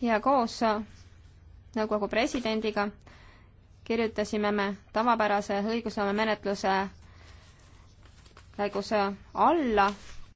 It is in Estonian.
ja koos nõukogu presidendiga kirjutasime me tavapärase õigusloome menetluse käigus alla